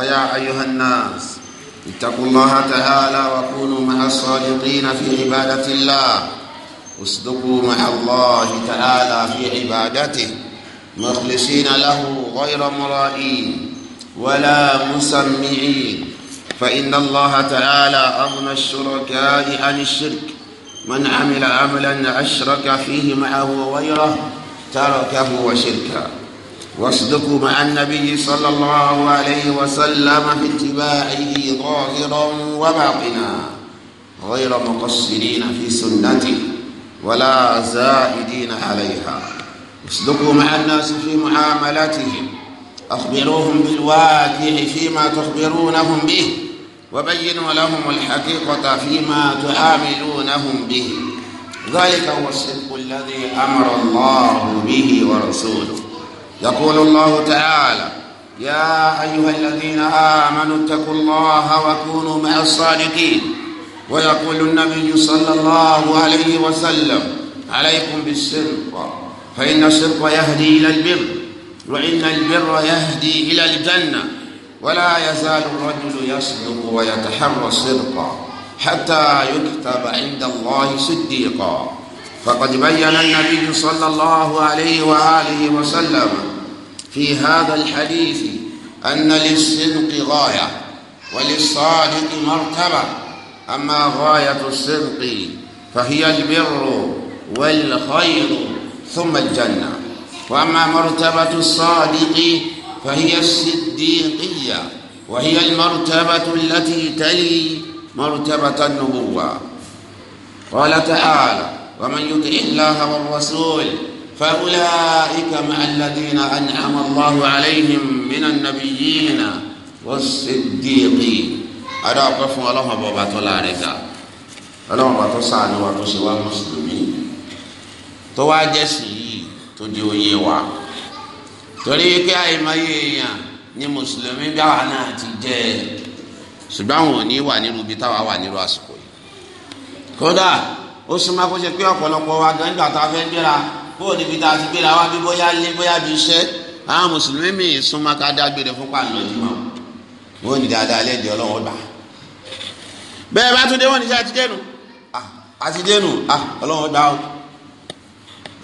فيا أيها الناس اتقوا الله تعالى وكونوا مع الصادقين في عبادة الله اصدقوا مع الله تعالى في عبادته مخلصين له غير مرائين ولا مسمعين فإن الله تعالى أغنى الشركاء عن الشرك من عمل عملا أشرك فيه معه وغيره تركه وشركه واصدقوا مع النبي صلى الله عليه وسلم في اتباعه ظاهرا وباطنا غير مقصرين في سنته ولا زاهدين عليها اصدقوا مع الناس في معاملتهم أخبروهم بالواقع فيما تخبرونهم به وبينوا لهم الحقيقة فيما تعاملونهم به ذلك هو الصدق الذي أمر الله به ورسوله يقول الله تعالى يا أيها الذين آمنوا اتقوا الله وكونوا مع الصادقين ويقول النبي صلى الله عليه وسلم عليكم بالصدق فإن الصدق يهدي إلى البر وإن البر يهدي إلى الجنة ولا يزال الرجل يصدق ويتحرى الصدق حتى يكتب عند الله صديقا فقد بين النبي صلى الله عليه وآله وسلم في هذا الحديث أن للصدق غاية وللصادق مرتبة أما غاية الصدق فهي البر والخير ثم الجنة وأما مرتبة الصادق فهي الصديقية وهي المرتبة التي تلي مرتبة النبوة قال تعالى ومن يطع الله والرسول فأولئك مع الذين أنعم الله عليهم من النبيين والصديقين أدعو أقفهم الله بابا تلارك ọlọ́run bá tó sàánú wa tó ṣe wá mùsùlùmí tó wá jẹ́sìn yìí tó di oyè wa torí pé àìmọye èèyàn ni mùsùlùmí bí àwa náà ti jẹ́ ṣùgbọ́n àwọn ò ní wà nínú ibi táwa wà nínú àsìkò yìí kódà ó súnmọ́ kó ṣe pé ọ̀pọ̀lọpọ̀ wa gan nígbà tá a fẹ́ gbéra bóò níbi tá a ti gbéra wá bí bóyá lé bóyá bí iṣẹ́ àwọn mùsùlùmí mi súnmọ́ ká dágbére fún pàlọ́ ìdìmọ̀ wọ́n ní dáadáa lẹ́ẹ̀dẹ̀ ọlọ́run ọgbà bẹ́ẹ̀ bá tún dé wọ́n ní sẹ́ àtidénu àtidénu ah, ah, ọlọ́run ọgbà ó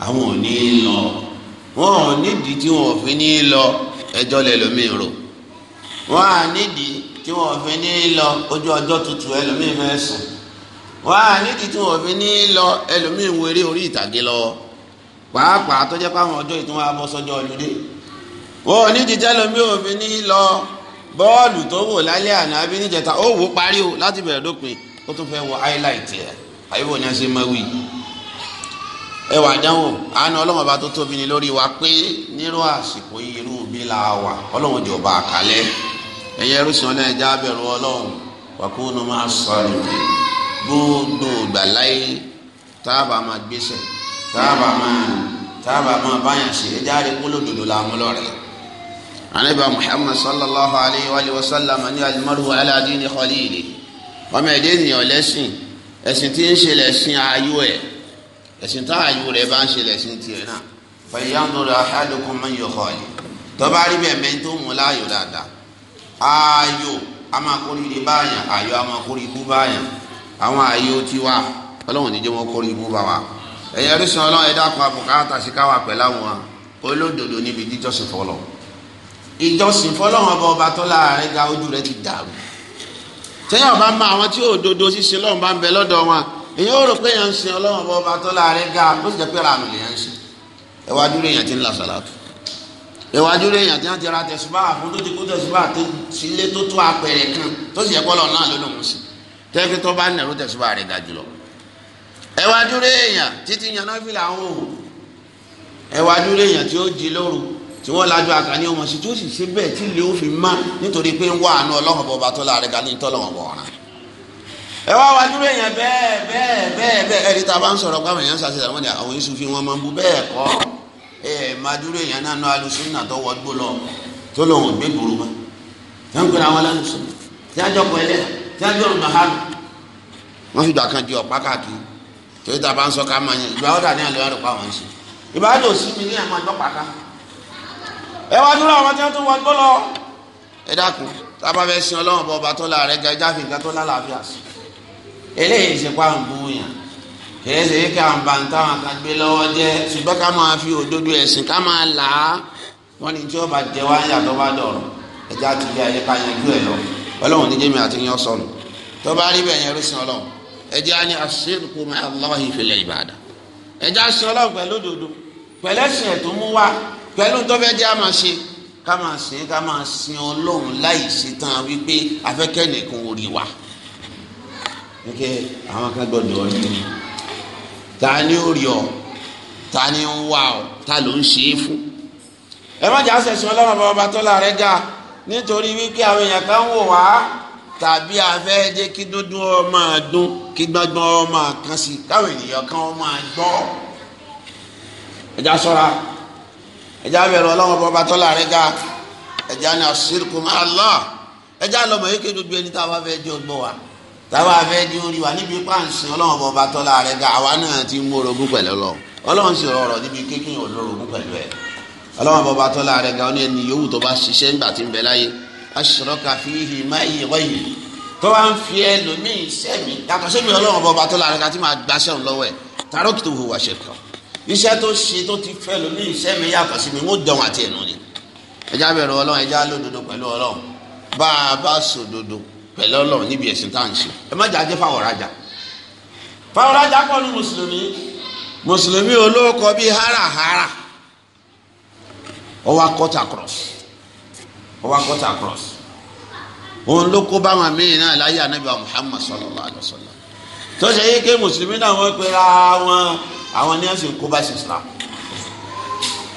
àwọn ò ní í lọ wọn ò nídìí tí wọn ò fi ní í lọ ẹjọ́ lẹ́lòmíì rò wọn à nídìí tí wọn ò fi ní í lọ ojú ọjọ́ tutù ẹlòmíì fẹ́ sùn wọn à nídìí tí wọn fi ní í lọ ẹlòmíì ń weré orí ìtàgé lọ́wọ́. pàápàá tó jẹ́ pàwọn ọjọ́ ìtún wa bọ́ sọ́jọ́ wọn ò ní jíjẹ́ lomi òfin ní lọ bọ́ọ̀lù tó wò lálẹ́ àná àbí jẹta ó parí o láti bẹ̀rẹ̀ dópin ó tún fẹ́ wọ highlight àyẹ̀wò ni a ṣe máa wí. ẹ wà dánwò àánú tó tóbi ni lórí wa pé nírú àsìkò yìí irú la wà jọ bá a kalẹ̀ ẹ̀yẹ rúṣin ọlọ́run ẹja bẹ̀rù ọlọ́run wàkúùnù máa sọ̀rọ̀ gbogbo táàbà máa táàbà máa báyà ṣe ẹ jáde kólódodo la mú lọ́rẹ̀. anabi muhammad sallallahu alayhi wa sallam ani alimaru ala dini khalili ọmọ ẹ̀dẹ́ ènìyàn lẹ́sìn ẹ̀sìn tí ń ṣe lẹ́sìn ayú ẹ̀ ẹ̀sìn tá ayú rẹ̀ bá ń ṣe lẹ́sìn tiẹ̀ náà fẹ̀yìndùn rẹ̀ ahadukum man yukhali tọ́ba rí bẹ́ẹ̀ mẹ́ńtò mú láàyò dáadáa ayò amakórìrì báyà ayò amakórìrì bú báyà àwọn ayò tiwa ọlọ́run ní jẹ́ wọn kórìrì bú bá wa ẹ̀yẹ rísun ọlọ́run ẹ̀dá kan àbùkátà sí káwá pẹ̀lú àwọn olódodo níbi jíjọ́sìn fọlọ́ ìjọsìn fọlọ́run ọba ọba tó láàrin ga ojú rẹ ti dàrú tẹ́yà ọba ń bá àwọn tí òdodo ṣíṣe lọ́run bá ń bẹ lọ́dọ̀ wọn èyí ó rò pé èèyàn ń sin ọlọ́run ọba ọba tó láàrin ga ó sì jẹ́ pé ràánù lèèyàn ń sin ẹ̀wá dúró èèyàn ti ń la sàlátù ẹ̀wá dúró èèyàn ti ń tẹ́ra tẹ̀sùbá àfún tó ti kó tẹ̀sùbá tó sílé tó tó apẹ̀rẹ̀ kan tó sì yẹ ẹ wá èèyàn títí yànnà fìlà àwọn òun ẹ èèyàn tí ó jí lóru tí lajú àkànní ọmọ sí tí ó sì ṣe bẹ́ẹ̀ tí ilé fi má nítorí pé ń wá àánú ọlọ́run bọba tó láàrin bọ̀ ọ̀ràn. èèyàn bẹ́ẹ̀ bẹ́ẹ̀ bẹ́ẹ̀ bẹ́ẹ̀ ẹ̀rí ta bá ń fi máa ń bu bẹ́ẹ̀ kọ́ èèyàn náà tó gbó lọ tó gbé gbòòrò mọ́ tí wọ́n torí tá a ń sọ ká máa yẹn ìgbà ọ̀dà ni àlùyá rẹ̀ pa àwọn ṣe ìbáàdì òsì mi ní àmọ́ ìgbọ́ pàtà ẹ wá dúró àwọn tí wọ́n tún wọ́n lọ. ẹ dákun sin ọlọ́run ọba tó la rẹ ga fi nǹkan lálàáfíà sí eléyìí ṣe pa yàn kìí ṣe fi òdodo ẹ̀sìn ká máa là á wọ́n ní tí jẹ wá ẹjẹ́ á ní as-sidqu ma'a Allahi fil ibada ẹjẹ́ á sin ọlọ́run pẹ̀lú òdodo pẹ̀lẹ́sìn ẹ̀ tó mú wá pẹ̀lú tó fẹ́ jẹ́ á máa ṣe ká máa sin ká máa sin ọlọ́run láì ṣetán wípé afẹ́kẹ́ nìkan ò rí wa wípé àwọn kan gbọ́dọ̀ rí ta ni ó rí ọ ta ni ń wá ọ ta ló ń ṣe é fún. ẹ má jà sẹ̀sìn ọlọ́run bàbá tó rẹ̀ ga nítorí wípé àwọn èèyàn kan wò wá tàbí a fẹ́ jẹ́ kí dúndún ọ máa dún kí gbọ́ngbọ́n ọ máa kan sí káwọn ènìyàn kan ọ máa gbọ́ ẹja ṣọ́ra ẹja bẹ̀rù ọlọ́wọ́n bọ́ba tọ́lá rẹ̀ ga ẹja ní asírkù Allah ẹja lọmọ yìí kí gbogbo ẹni táwa fẹ́ di ọgbọ́n wa táwa fẹ́ di orí wa níbi páǹsì ọlọ́wọ́n bọ́ba tọ́lá rẹ̀ ga àwa náà ti mú orogún pẹ̀lú ọlọ́wọ́ ọlọ́wọ́n sì rọrọ̀ níbi kékeré olórogún pẹ̀lú ẹ̀ ọlọ́wọ́n bọ́ba tọ́lá rẹ̀ ga ọ ashraka fihi ma'i ghayri tó wá ń fi ẹlòmíì sẹ́mi yàtọ̀ sẹ́mi ọlọ́run bọ́ bá tó lára ká tí máa gbaṣẹ́ òun lọ́wọ́ ẹ̀ taraktuhu wa shirkahu iṣẹ́ tó ṣe tó ti fẹ́ ẹlòmíì sẹ́mi yàtọ̀ sí mi ń dẹ̀wọ̀n àti ẹ̀nu ni ẹja bẹ̀rù ọlọ́run ẹja lódodo pẹ̀lú ọlọ́run bá a bá sòdodo pẹ̀lú ọlọ́run níbi ẹ̀sìn tá à ń ṣe ẹ má jàjẹ́ fáwọn ọ̀rajà fáwọn ọwọ́ akọ́tà cross òun ló kó báwọn míì náà láyé anabi wa muhammad sallallahu alayhi wa sallam tó ṣe yí ké mùsùlùmí náà wọ́n pera wọn àwọn ní ẹ̀sìn kó bá ṣe islam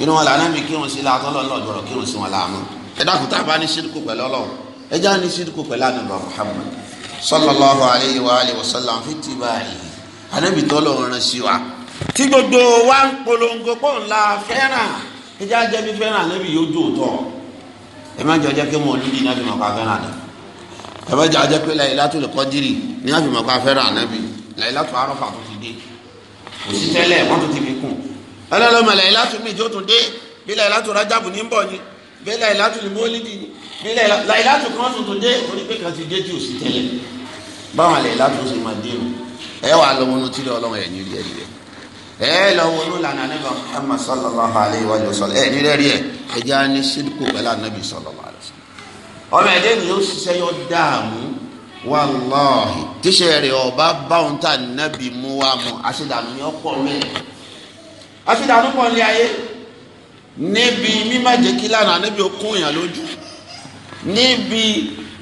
inú wọn làánà mi kírun sí látọ́ lọ́nà ọ̀dọ̀rọ̀ kírun sí wọn láàmú ẹ dákun tá a bá ní sídùkú pẹ̀lú ọlọ́run ẹ já ní sídùkú pẹ̀lú anabi wa muhammad sallallahu alayhi wa alayhi wa sallam fi ti báyìí anabi tọ́lọ̀ rán sí wa tí gbogbo wa ń polongo pọ̀ ńlá fẹ́ràn ẹ já jẹ́ mi fẹ́ràn anabi yóò dùn tọ́ ẹ má jẹ́ ọjọ́ pé mo lùdì náà fi mọ̀ pa fẹ́ràn àná ẹ má jẹ́ ọjọ́ pé Laylatul Qadri ní àfi mọ̀ pa fẹ́ràn àná bi Laylatul Arafah tó ti dé kò sí tẹ́lẹ̀ wọ́n tó ti fi kù ọlọ́lọ́mọ Laylatul mi tó tún dé bí Laylatul Rajab ní ń bọ̀ ni bí Laylatul Mọ́lídì ni bí Laylatul kan tó tún dé orí pé kan dé tí ò tẹ́lẹ̀ báwọn Laylatul sì máa dé ẹ lọ wo ló lànà nígbà Muhammad sallallahu alayhi wa sallam ẹ nílẹ̀ rí ẹ ẹjẹ́ ní sídìkù pẹ̀lú anabi sallallahu alayhi wa sallam. ọmọ ẹ̀dẹ́ ni yóò ṣiṣẹ́ yọ dààmú wàláhì tíṣẹ́ rẹ̀ ọba báwọn tà nábì mú wa mú aṣèdànù ni ọ̀pọ̀ rẹ̀ aṣèdànù pọ̀ ní ayé níbi mímá jẹ́ kí lánàá níbi okun èèyàn lójú níbi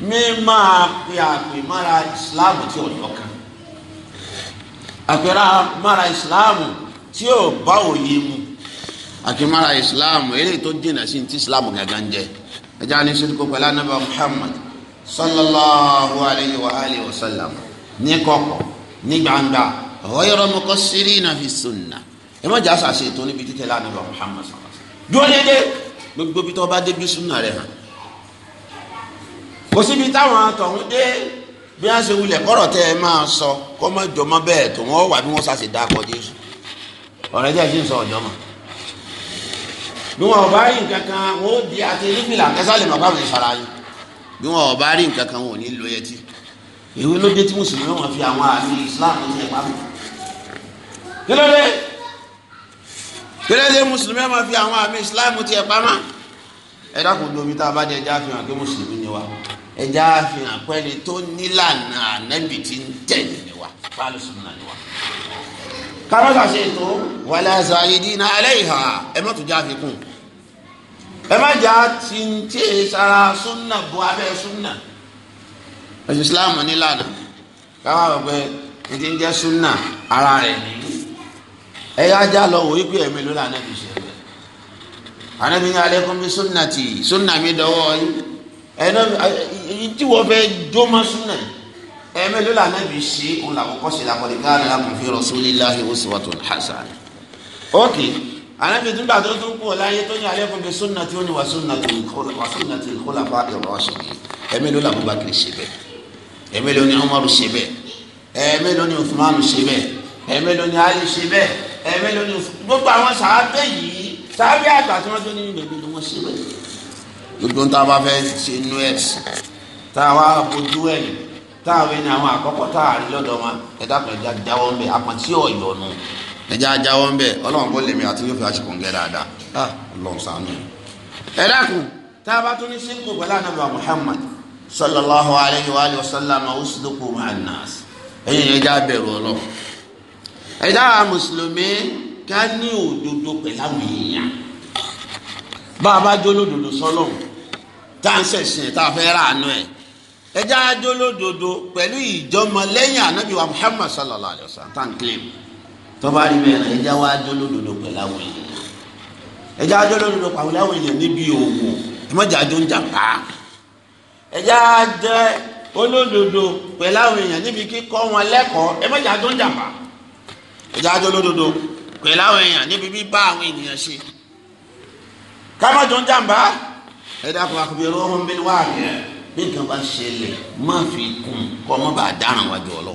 mímá pe àpè mára Islam tí ò ní ọkàn àpẹẹrẹ mara Islam, tí ò bá òye mu àkìmára ìsìláàmù eléyìí tó dènà sí ti ìsìláàmù gàgán jẹ ẹjá ní sọ́dúnkọ pẹ̀lú anábà Muhammad sallallahu alayhi wa alihi wa sallam ní kọ̀kọ̀ ní gbangba ghayra muqassirina fi sunnah ẹ má jásà ṣe ètò níbi títẹ̀lé anábà Muhammad sallallahu alayhi wa sallam dúró dédé gbogbo bí tó bá dé sunna rẹ̀ hàn kò síbi àtọ̀hún dé bí a ṣe wulẹ̀ kọ́rọ̀ tẹ́ ẹ máa sọ kọ́ mọ́ jọmọ́ bẹ́ẹ̀ tó wọ́n wà bí wọ́n ṣàṣì dákọ̀ jésù ọ̀rẹ́ jẹ́ ìṣe ń sọ ọ̀jọ́ mọ̀ bí wọn ò bá rí nǹkan kan wọn ó di àti nífìlà kẹsàlẹ̀ màbá mi fara yín bí wọn ò bá rí nǹkan kan wọn ò ní lo yẹtí ìwé ló dé tí mùsùlùmí wọn fi àwọn àmì Islam ní ẹ̀pá mi kí ló mùsùlùmí wọn fi àwọn àmì Islam ti ẹ̀pá mọ́ ẹ dákun domi tá a bá jẹ jáfihàn pé mùsùlùmí ni wa ẹja àfihàn pẹ́ni tó nílànà ànábì tí ń tẹ̀lé ni wa pálí sunna ni wa. kámọ́sà ṣe ètò wàlẹ́ àṣà ìdí iná ẹlẹ́yìhà ẹ má tún já àfikún ẹ má já tí ń tẹ̀ sara sunna bu abẹ́ sunna ẹ̀sìn Islam nílànà káwọn àgbẹ̀ ẹ̀ ti ń jẹ́ sunna ara rẹ̀ ní ẹ̀yà ajá lọ wò wípé ẹ̀mí ló lànà ìṣẹ̀lẹ̀ ànábì ní alaikum bí sunnati sunna mi dọwọ́ yìí ẹnà tí wọ́n fẹ́ dọ́mọ súnà ẹ̀mẹ́ ló lànà bí ṣe òun làkọ́kọ́ ṣe làkọ́dé káàdì lákùnfin rasulillahi uswatun hasan. ok anabi dúgbà tó tún kú ọ̀la ayé tó ní alẹ́ fún mi súnà tí ó ní wàsúnà tí wàsúnà tí kó làkọ́ ìrọ̀ṣẹ̀ ẹ̀mẹ́ ló làkọ́ bàkìrì ṣe bẹ́ẹ̀ ẹ̀mẹ́ ló ní Umaru ṣe bẹ́ẹ̀ ẹ̀mẹ́ ló ní Uthmanu ṣe bẹ́ẹ̀ ẹ̀mẹ́ ló ní Ali ṣe bẹ́ẹ̀ ẹ̀mẹ́ ló ní gbogbo àwọn sàábẹ́ yìí sàábẹ́ ní gbogbo ń tá a bá fẹ́ ṣe inú ẹ̀ tá a wá bójú ẹ̀ tá a fẹ́ ní àwọn àkọ́kọ́ tá a rí lọ́dọ̀ ma ẹ dákun ẹ já jáwọ́ ń bẹ̀ àpàtì ọ̀yọ́ nu ẹ já jáwọ́ ń bẹ̀ ọlọ́run kò lèmi àti yóò fi àṣekù ń gẹ́ dáadáa ah ọlọ́run ṣàánú ẹ dákun tá a bá tún ní sínkù pẹ̀lú anábà Muhammad sallallahu alayhi wa sallam usduqu ma'an nas ẹ̀yin ẹ já bẹ̀rù ọlọ́run ẹ já mùsùlùmí ká ní òdodo pẹ̀lú àwọn èèyàn bá a bá jó lódodo sọlọ́run tá à tá a fẹ́ ràánú ẹ̀ ẹ já ajó lódodo pẹ̀lú ìjọmọ lẹ́yìn ànábì wa Muhammad sallallahu alayhi wa sallam tá à ń claim tọ́ba rí bẹ́ẹ̀ náà ẹ já wá ajó lódodo pẹ̀lú àwọn èèyàn ẹ já ajó lódodo pẹ̀lú àwọn èèyàn níbi òwò ẹ má jà ajó ń jàmbá ẹ já jẹ́ olódodo pẹ̀lú àwọn èèyàn níbi kíkọ́ wọn lẹ́kọ̀ọ́ ẹ má jà ajó ń jàmbá ẹ já ajó lódodo pẹ̀lú àwọn èèyàn níbi bíbá àwọn ènìyàn ṣe ká má jọ ń jàmbá ẹ dákun akọbẹrẹ ọmọ mi wá bí nǹkan bá ṣẹlẹ̀ má fi kún kọ ọmọ bá dáràn wájú ọlọ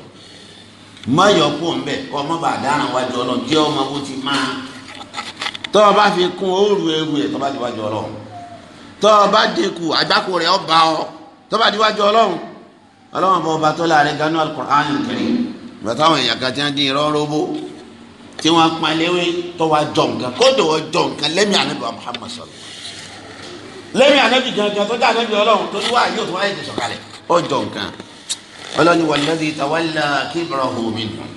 má yọ kó ń bẹ kọ ọmọ bá dáràn wájú ọlọ jẹ ọmọ bó ti má tọ́ ọ bá fi kún ó rù ewu ẹ̀ tọ́ bá di wájú ọlọ tọ́ ọ bá dínkù àgbákò rẹ̀ ọba ọ tọ́ bá di wájú ọlọ́run ọlọ́run bá ọba tó láàrin ganú alukur'an kiri bàtà àwọn èèyàn kan ti irọ́ robo tí wọ́n palẹ́wé tó wá jọ nǹkan kó dòwọ́ jọ nǹkan lẹ́mìí ànábì lẹ́yìn anabi gangan tó jẹ́ anabi ọlọ́run tó ní wáyé òtún wáyé ti sọ̀kalẹ̀ ọjọ́ nǹkan ọlọ́ni wàlúùdí tawálà kíbrọ̀ omi dùn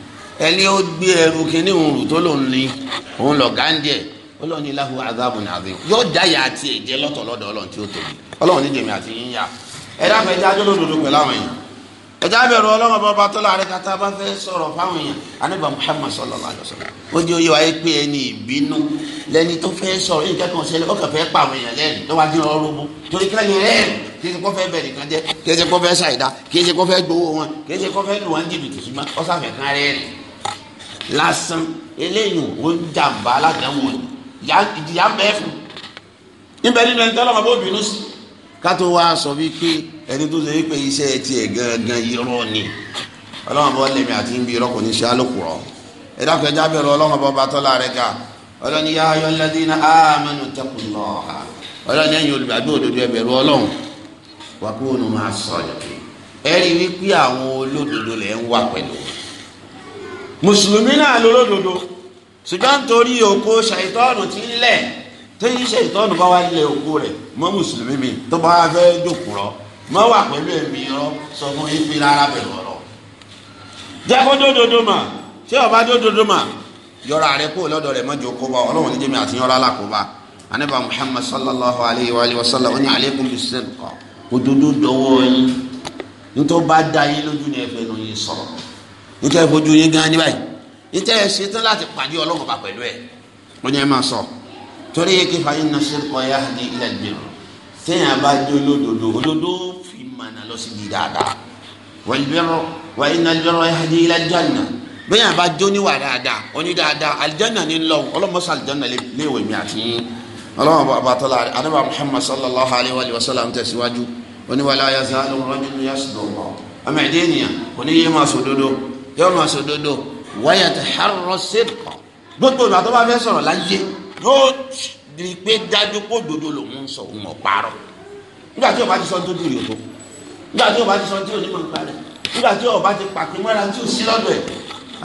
ẹni ó gbé ẹrù kínní òun rù tó lòun ní òun lọ gáńdíẹ̀ ọlọ́ni lahu azabu nàbí yóò dáyà àti ẹ̀jẹ̀ lọ́tọ̀ lọ́dọ̀ ọlọ́run tí ó tóbi ọlọ́run ní jẹ̀mí àti yíyá ẹ̀dá fẹ́ jájọ́ lódodo pẹ̀lú àwọn èèyàn ẹjẹ abẹrù Ọlọ́run bá bá tọ́lá rẹ kata bá fẹ́ sọ̀rọ̀ fáwọn èèyàn anábà Muhammad sallallahu alaihi ó di oyè wáyé pé ẹni ìbínú lẹni tó fẹ́ sọ̀rọ̀ yìí kẹ́kọ̀ọ́ sẹ́lẹ̀ ọkàn fẹ́ pa àwọn èèyàn lẹ́nu lọ́wọ́ adé ọrọ̀ bó torí kílẹ̀ yẹn lẹ́nu kí ẹsẹ̀ kọ́ fẹ́ bẹ̀ nìkan jẹ́ kí ẹsẹ̀ ṣàìdá kí ẹsẹ̀ kọ́ gbowó wọn kí ẹsẹ̀ kọ́ lù wọn jìbìtì ṣùgbọ́n ọ̀sàfẹ́ kan rẹ̀ lásán eléyìí ó ń jàǹbá aládàáwò yìí ìjìyà ń bẹ́ẹ̀ fún un níbẹ̀ kátó wa sọ wípé ẹni tó ṣe wípé iṣẹ́ tiẹ̀ gangan irọ́ ni ọlọ́run bọ́ lèmi àti ibi irọ́ kò ní ṣe alùpùrọ̀ ẹ dákun ẹja bẹ̀rù ọlọ́run bọ́ bá tọ́lá rẹ̀ ká ọlọ́ni yá ayọ́ ladina amanu taqullaha ọlọ́ni ẹ̀yin olùgbàgbé òdodo ẹ bẹ̀rù ọlọ́run wà kó o nù máa sọ ọ̀dọ̀ ẹ rí wípé àwọn olódodo lẹ̀ ń wà pẹ̀lú mùsùlùmí náà lólódodo ṣùgbọ́n torí òkú ṣàìtọ́ọ̀nù ti ń lẹ̀ tẹ́yìn iṣẹ́ ìtọ́nù bá wá lé oko rẹ̀ mọ́ mùsùlùmí mi tó bá wá fẹ́ jòkó rọ mọ́ wà pẹ̀lú ẹ̀mí rọ sọ fún ife rárá bẹ̀rù ọ̀rọ̀. jẹ́ kó dódodo mà ṣé ọba dódodo mà yọra rẹ kó lọ́dọ̀ rẹ̀ mọ́jọ kó bá ọlọ́run ní jẹ́mi àti yọra alákòóbá anábà muhammad sallallahu alayhi wa sallam oní aleikum bisimilahi kọ òdodo dọwọ́ yín nítorí bá da yín lójú ní ẹfẹ nù yín sọ̀rọ̀ nítorí fojú yín gan ní báyìí nítorí ṣetán láti pàdé ọlọ́run bá pẹ̀lú ẹ̀ ó ní máa sọ̀rọ̀ torí yẹ kí fàyín náà ṣe kọ́ ya ní ilẹ̀ gbèrò sẹ́yìn abájọ́ olódodo olódo fi mànà lọ síbi dáadáa wàlbẹ́rọ wàyí náà lbẹ́rọ ya ní ilẹ̀ jàǹnà bẹ́yìn abájọ́ níwà dáadáa oní dáadáa alìjàǹnà ní lọ́wọ́ ọlọ́mọṣẹ́ alìjàǹnà lè wẹ̀ mí àti ọlọ́mọ bàtọ́lá adébà Muhammad sallallahu alayhi wa sallam tẹ̀síwájú oníwàlá yasa alùpùpù yasudọ̀lọ́ ọmọ ẹ̀dẹ́ ènìyàn kò ní yé máa sòdodo yóò gbogbo ìgbà tó bá fẹ́ sọ̀rọ̀ láyé yóò di pé dájú kó dodo lòun ń sọ òun ọ̀parọ̀ nígbà tí o bá ti sọ tó di yòókù nígbà tí o bá ti sọ tí o ní mọ̀ nípa rẹ̀ nígbà tí o ti pàpín mọ́ra tí o sí lọ́dọ̀ ẹ̀.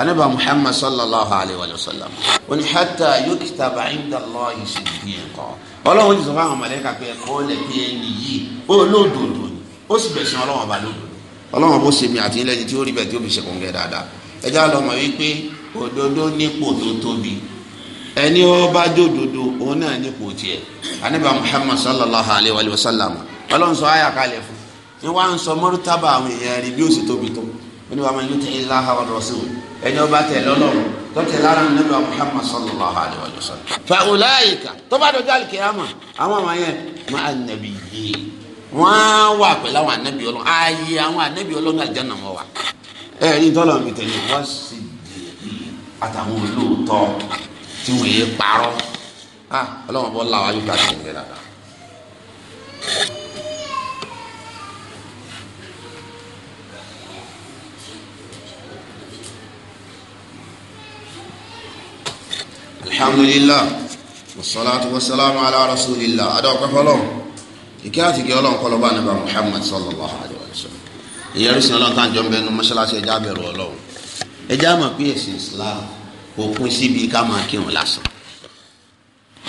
anábà muhammad sallallahu alayhi wa sallam oní hata yuktaba inda Allahi siddiqan ọlọ́run ti sọ fún àwọn mọ̀lẹ́kà pé ẹ̀kọ́ lẹ̀ bí ẹni yìí ó lódodo ni ó sì bẹ̀ sin ọlọ́run ọba lódodo ọlọ́run bó ṣe mi àti ilẹ̀ ẹni tí ó rí bẹ̀ tí ó fi ṣe kòǹgẹ́ dáadáa ẹ̀já lọ́mọ wípé òdodo nípò tó tóbi ẹni ó bá jó dodo òun náà ní kò tiẹ̀ anabi muhammad sallallahu alayhi wa sallam ọlọ́nsọ ayà kalẹ̀ fún ni wọ́n á ń sọ mọ́rútàbà àwọn èèyàn rí bí ó sì tóbi tó wọ́n wàá yóò tẹ̀ ilá wa rasul ẹni ó bá tẹ̀ lọ́lọ́run tó tẹ̀ lára anabi muhammad sallallahu alayhi wa sallam. fa ulaika tó bá dojú alikiyama àwọn ọmọ yẹn ma anabi yìí wọ́n wà pẹ̀lú àwọn anabi ọlọ́run ayé àwọn anabi ọlọ́run àjẹnà wọn wà. ẹ̀yin tí wọ́n yé parọ́ a ọlọ́wọ́n bọ́ làwọn ayé káàkiri ń bẹ dáadáa. alhamdulillah wasalaatu wasalaamu ala rasulillah adọ́kọ fọlọ́ ìkẹ́ àti ìkẹ́ ọlọ́run kọ́ lọ́ba nípa muhammad sallallahu alayhi wa sallam ìyẹn rúṣin ọlọ́run tá à ń jọ ń bẹnu mọ́ṣáláṣí ẹja bẹ̀rù ọlọ́run ẹja mọ̀ islam kò pín síbi ká máa kírun lásán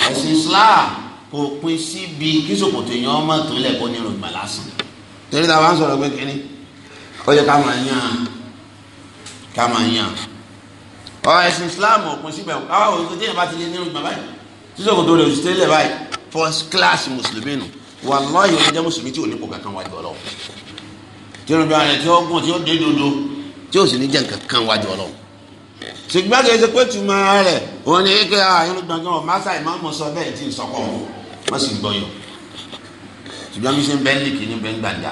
ẹ̀sìn Islam kò pín síbi kí sòkòtò èèyàn ọmọ tó lẹ̀kọ́ nírun ìgbà lásán torí ta bá ń sọ̀rọ̀ pé kínní ó yẹ ká máa yàn ká máa yàn ọ ẹ̀sìn Islam ọ̀pin síbẹ̀ káwá òun tó déyàn bá ti lé nírun ìgbà báyìí tí sòkòtò rẹ̀ òsì tẹ́lẹ̀ báyìí first class mùsùlùmí nù wàlláhì òun jẹ́ mùsùlùmí tí ò ní kó kankan wájú ọlọ́ tí ó ń bá rẹ̀ tí ó gùn tí ó dé dodo tí ó sì ní jẹ́ kankan wájú ọlọ́run ṣùgbọ́n kì í ṣe pé tùmọ̀ rẹ̀ òun ni kí ah, irun gbọ̀ngàn ọ̀ máṣá ìmọ̀ọ́mọ̀ sọ bẹ́ẹ̀ tí ń sọkọ̀ wọn wọ́n sì gbọ̀yọ̀ ṣùgbọ́n bí ṣe ń bẹ́ẹ̀ lìkì ní bẹ́ẹ̀ gbàgbà.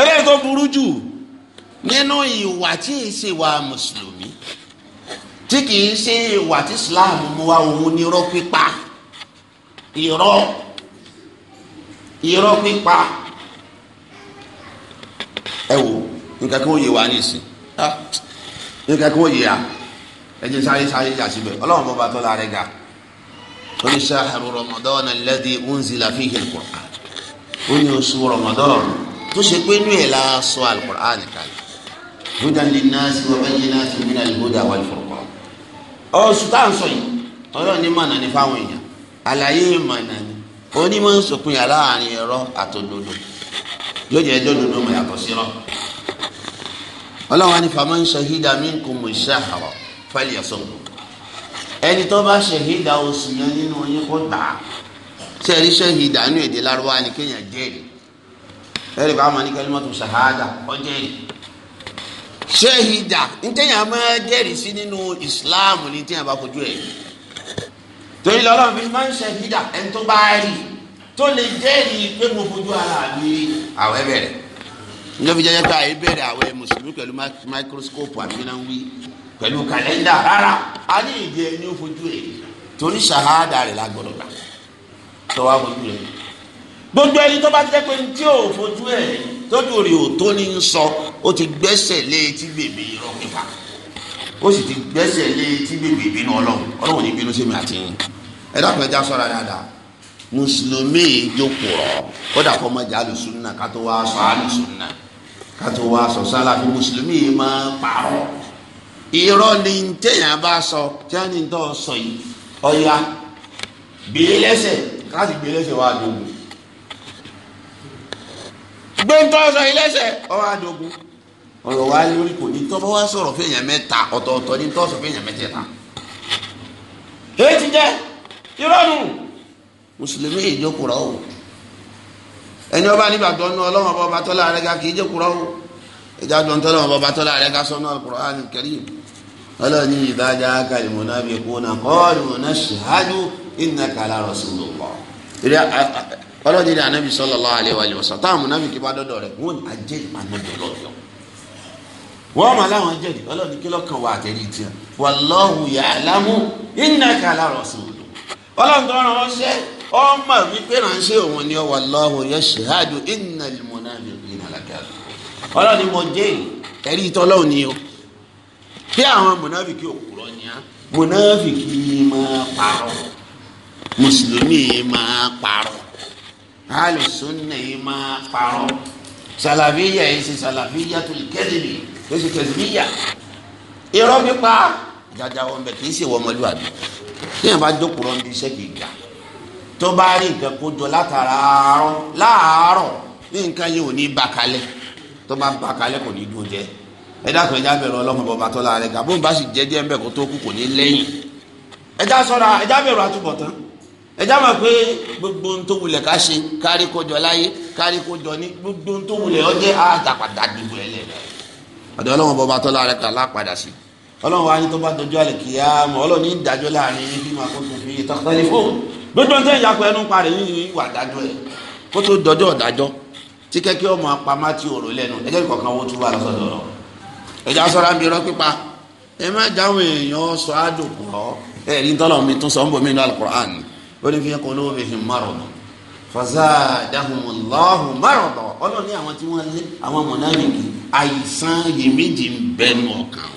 eré tó burú jù nínú ìwà tí ì ṣe wà mùsùlùmí tí kì í ṣe ìwà tí Islam mú wa òun ni irọ́ pípa irọ́ irọ́ pípa ẹ wò nǹkan kí wọ́n yé wa ní ìsìn. Ah, nǹkan kí wọ́n yìí ya ẹ̀jẹ̀ sáré sáré yà síbẹ̀ ọlọ́run bọ́ bá tọ́ la rẹ̀ ga oní shahru Ramadan alladhi unzila fihi al-Qur'an ó ní oṣù Ramadan tó ṣe pé inú ẹ̀ la sọ al-Qur'an kalẹ̀ hudan linnasi wa bayyinatin min al-huda wal-furqan oṣù tá à ń sọ yìí ọlọ́run ní mànà ní fáwọn èèyàn àlàyé mànà ní onímọ̀ ń sòpin àláàrin ẹ̀rọ àtòdodo yóò jẹ́ ẹjọ́ dodo mọ̀ yàtọ̀ sí rọ ọlọ́run á ní faman shahida minkumu shahra falyasumhu ẹni tó bá ṣahida oṣù yẹn nínú yín kó gbà á ṣe rí ṣahida nínú èdè lárúbá ni kéèyàn jẹ́rìí ẹ̀rí bá máa ní kalimatu shahada ọjẹ́rìí ṣahida ntẹ̀yàn máa jẹ́rìí sí nínú ìsìláàmù ní tẹ̀yàn bá fojú ẹ̀ torí lọ́lọ́run fi máa ń ṣahida ẹni tó bá rí tó lè jẹ́rìí pé mo fojú ara mi àwẹ̀ bẹ̀rẹ̀ njẹ́ fi jẹ́jẹ́ pé àyè bẹ̀rẹ̀ àwẹ̀ mùsùlùmí pẹ̀lú microscope àfihàn wí pẹ̀lú kàlẹ́ndà rárá a ní ìdí ẹni ó fojú torí ṣàhádà rẹ̀ la gbọ́dọ̀ gbà tó wá fojú rẹ̀ gbogbo ẹni tó bá jẹ́ pé tí o fojú ẹ̀ tójú rẹ̀ ò tó ní sọ ó ti gbẹ́sẹ̀ lé etí bèbè irọ́ pípa ó sì ti gbẹ́sẹ̀ lé etí bèbè ìbínú ọlọ́run ọlọ́run ní bínú sẹ́mi àti yín ẹ dákun ẹja sọ́ra dáadáa mùsùlùmí jókòó rọ̀ kódà kọ́ mọ́jà alùsùn náà ká wá sọ alùsùn náà kátó wa sọ sálàfí mùsùlùmí yìí máa parọ́ irọ́ ni téèyàn bá sọ tí wọ́n ní tó sọ yìí ọ̀ya gbèé e lẹ́sẹ̀ láti gbèé e lẹ́sẹ̀ wá dogun gbé e tó sọ yìí lẹ́sẹ̀ ọ wá dogun ọ̀rọ̀ wa lórí kò ní tọ́ bá wá sọ̀rọ̀ fún èèyàn mẹ́ta ọ̀tọ̀ọ̀tọ̀ ní tọ́ sọ mẹ́tẹ̀ẹ̀ta èyí jẹ́ irọ́ nù mùsùlùmí ìjókòó rà ó ẹni ọba nígbàgbọ́ nu ọlọ́wọ́n ọba ọba tọ́lá rẹ̀ ga kì í jẹ́ kúrọ́ o ìjà jọ ń tọ́lọ́wọ́n ọba tọ́lá rẹ̀ ga sọ́nà Al-Qur'an Al-Karim ọlọ́ọ̀ni ìdájà kàlí munafiquna qalu nashhadu innaka la ọlọ́ọ̀ni ìdá anábì sallallahu alaihi wa sallam táwọn munafiki bá dọ́dọ̀ rẹ̀ wọ́n ajẹ́ wọ́n mọ̀ láwọn ọlọ́ọ̀ni kí lọ́kàn wà àtẹ̀rí tiẹ̀ wallahu ya'lamu innaka la rasulullah ọlọ́ọ̀ni tó rán wọn ṣẹ́ ọmọ wípé ránṣẹ́ òun ni wallahu yashhadu innal munafiqina lakadhib ọlọ́ni mo jẹ́ ẹ̀rí tọ́lọ́ ni o bí àwọn mùnàfíkì òkúrọ̀ ni á mùnàfíkì máa parọ́ mùsùlùmí máa parọ́ alùsùnà máa parọ́ sàlàfíyà yìí ṣe sàlàfíyà tó kẹ́sìbì tó ṣe kẹ́sìbìyà irọ́ pípa jàjà wọn bẹ̀ kì í ṣe wọ́n ọmọlúwàbí tí yẹn bá jókòó rọ́ iṣẹ́ kì í gbà tó bá rí nǹkan kó jọ látara àárọ̀ láàárọ̀ nǹkan yìí ò ní bà kalẹ̀ tó bá bà kalẹ̀ kò ní dùn jẹ ẹ dákun ẹ já bẹ̀rù ọlọ́run bọba tó la rẹ gàbó ń bá sì jẹ́jẹ́ ńbẹ kó tó kú kò ní lẹ́yìn ẹ já ṣọ́ra ẹ já bẹ̀rù àtúbọ̀tán ẹ já mọ̀ pé gbogbo ń tó wulẹ̀ ká ṣe kárí kó jọ láyé kárí kó jọ ní gbogbo ń tó wulẹ̀ ọjẹ́ àtàpàtà dìbò ẹ lẹ̀ ọ̀dọ̀ ọlọ́run bọba tó la rẹ kà lápadà sí ọlọ́run wa ni tó bá dojú àlè kìí gbogbo ń tẹ́ ìyàpọ̀ ẹnu parí yìí wà dájọ́ ẹ̀ kó tó dọjọ́ dájọ́ tí kẹ́kẹ́ ọmọ apamá ti ọ̀rọ̀ lẹ́nu ẹ̀jẹ̀ kọ̀ọ̀kan wo tún wà lọ́sọ̀dọ̀ lọ. ẹ̀jẹ̀ asọ́ra mi rọ́ pípa ẹ má jáwọn èèyàn sọ àdùkù lọ ẹ̀rí tọ́lọ̀ mi tún sọ ń bọ̀ mí ní alukur'an ó ní fi kọ́ lówó fihìn márùn fazadahumullahu márùn ọlọ́ọ̀ni àwọn tí wọ́n lé àwọn mọ̀nàmìkì àìsàn yèméjì ń bẹnu ọ̀kan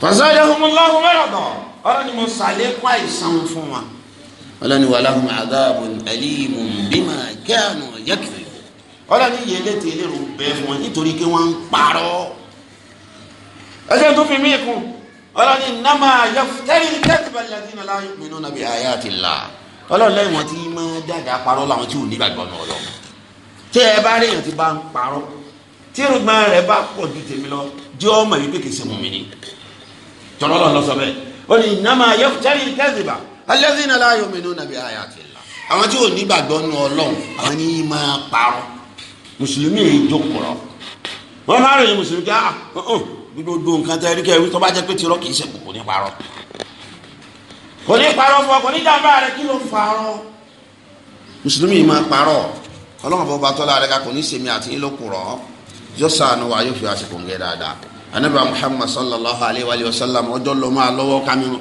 fazadahumullahu márùn ọlọ́ọ̀ni mo sàlékún àìsàn fún wa ọlọ́ni wàláhùn àdáàbùn ẹlíìmù bímà kẹ́hànù yẹ́kìrì ọlọ́ni yìí létí eléru bẹ́ẹ̀ fún wọn nítorí pé wọ́n ń parọ́ ẹjẹ́ tó fi mí kù ọlọ́ni nàmà yẹfutẹ́rì kẹ́tìbà lẹ́dínà láàyè pinnu nàbí ayé àti là ọlọ́ni lẹ́yìn wọn ti máa dáadáa parọ́ làwọn tí ò ní gbàgbọ́ náà lọ tí ẹ bá rí èèyàn ti bá ń parọ́ tí irúgbọ́n rẹ̀ bá pọ̀ ju tèmi lọ jẹ́ ọmọ yìí pé ni tọ́lọ́lọ́ lọ sọ bẹ́ẹ̀ ó nàmà yẹfutẹ́rì kẹ́tìbà alladhina la yu'minuna bi ayatillah àwọn tí ò ní gbàgbọ́ nu ọlọ́run àwọn ní máa parọ́ mùsùlùmí yìí jókòrọ́ wọ́n máa ròyìn mùsùlùmí kí á ah, oh, oh, gbogbo nǹkan tẹ́ rí kẹ́rin tó bá jẹ́ pé tirọ́ kì í ṣe kò ní parọ́ kò ní parọ́ fún ọ kò ní jàmbá rẹ kí ló ń parọ́ mùsùlùmí yìí máa parọ́ ọlọ́run bọ́ bá tọ́lá rẹ ká kò ní sèmi àti yín kùrọ̀ yọ sànù wa yóò fi àṣekùn gẹ́ dáadáa anaba muhammad sallallahu alayhi wa sallam ọjọ́ lọ máa lọ́wọ́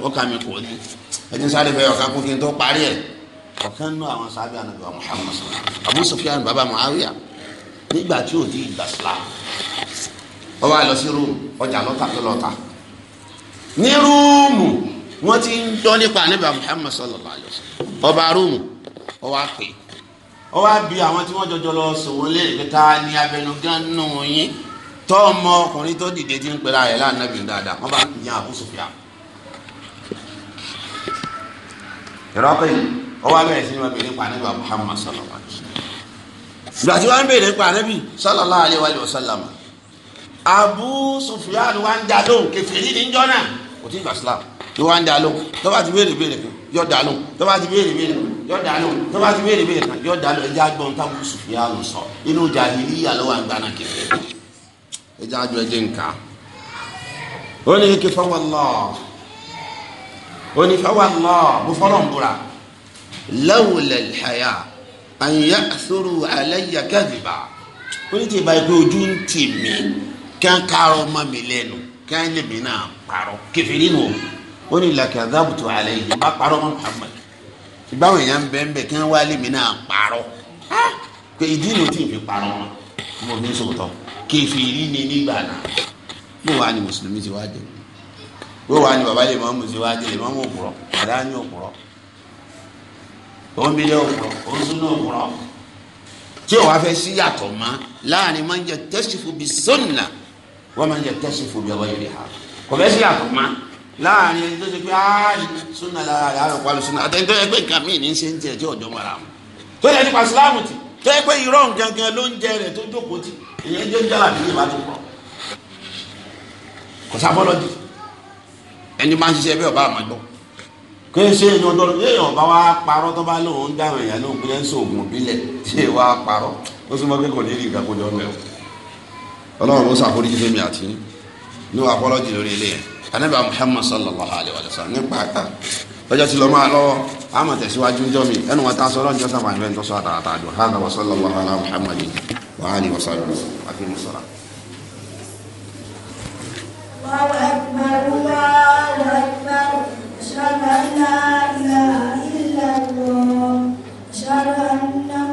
ọkà mi kò ní ẹni sáré fẹ́ ọ̀kan kó kí n tó parí ẹ̀ ọ̀kan nú àwọn sábẹ́ anaba muhammad sallallahu alayhi wa sallam abu sufyan baba muawiya nígbà tí ò di ìgbà islam ọba lọ sí rúùmù ọjà lọ́ta tó lọ́ta ní rúùmù wọ́n ti ń dán nípa anaba muhammad sallallahu alayhi wa sallam ọba rúùmù ọba pè ọba bí àwọn tí wọ́n jọjọ lọ sòwò lé ìgbẹ́ta ní abẹnugan nù yín tọ́ ọmọ ọkùnrin tó dìde ti ń pera rẹ̀ lánàbì dáadáa wọ́n bá ń yan Abu Sufyan. ìrọ́pẹ́ ọwọ́ abẹ́rẹ́ sí ni wọ́n béèrè pa anábì Muhammad sallallahu alayhi wa sallam. ìgbà tí wọ́n béèrè pa anábì sallallahu alayhi wa sallam Abu Sufyan wá ń dá lóhùn kèfèrí ní jọ́nà kò tí ì gbà sílámù ló wá ń dá lóhùn tó bá ti béèrè béèrè kan yọ dá lóhùn tó bá ti béèrè béèrè kan yọ dá lóhùn tó bá ti béèrè béèrè kan yọ dá lóhùn ẹjẹ ẹja àjọ ẹjẹ nǹka ó ní kí fawallah ó ní fawallah bó fọlọ́ ń búra lawla alhaya an ya'thuru alayya kadhiba ó ní tí ìbá ẹgbẹ́ ojú ń tì mí kí wọ́n kárọ̀ ọmọ mi lẹ́nu kí wọ́n lè mí náà parọ́ kẹfìrí nù ó ní lakadhabtu alayhi bá parọ́ mọ́ ìbáwọn èèyàn ń bẹ ń náà parọ́ pé ìdí ni o ti fi parọ́ wọn mo ní sòótọ́ kèfèrí ni nígbà náà bó wàá ní mùsùlùmí ti wá jẹ bó wàá ní bàbá lè mọ́ mùsùlùmí wá jẹ lè mọ́ mọ́ òpùrọ̀ bàdá ní òpùrọ̀ òǹbílẹ̀ òpùrọ̀ òǹsúnú òpùrọ̀ tí o wá fẹ́ sí yàtọ̀ mọ́ láàrin máa ń jẹ tẹ́sífù bíi sọ́nà wọ́n máa ń jẹ tẹ́sífù bíi ọwọ́ ìrìhà kò fẹ́ sí yàtọ̀ mọ́ láàrin ẹni tó ṣe pé áàlì sọ́nà lára rẹ̀ àròpọ̀ àlùsọ́nà àtẹ̀ńtẹ́ ẹgbẹ́ nǹkan míì ní í ṣe ń tiẹ̀ tí ọ̀jọ̀ mọ́ra mu tó yẹ nípa síláàmù tì tó yẹ pé irọ́ gangan ló ń jẹ rẹ̀ tó jókòó tì èyí jẹ́ jàlá bí ìbá tó pọ̀ kò sábọ́lọ́jì ẹni máa ń ṣiṣẹ́ bẹ́ẹ̀ ọba àmọ́ gbọ́ kí ṣe èèyàn ọdọ èèyàn bá wá parọ́ tó bá lóun dáhùn èèyàn lóun pé ẹ ń sòògùn bílẹ̀ ṣé wá parọ́ ó súnmọ́ pé kò ní rí nǹkan kó náà ọlọ́run ló ṣàforíjì fẹ́mi àti ní wàá apology lórí ilé yẹn anábìá Muhammad sallallahu alayhi wa sallam nípa àtà lọ́jọ́ tí lọ́ máa lọ́wọ́. àmọ̀ tẹ̀síwájú ń jọ mi ẹnu wọn tán sọ́rọ́ ń jọ sábà ìfẹ́ ń tọ́sọ́ àtàtàjọ hàdà wa sallallahu ala muhammad wa ali wa sallam akim sara. Allahu akbar Allahu akbar ashhadu an la ilaha illallah ashhadu anna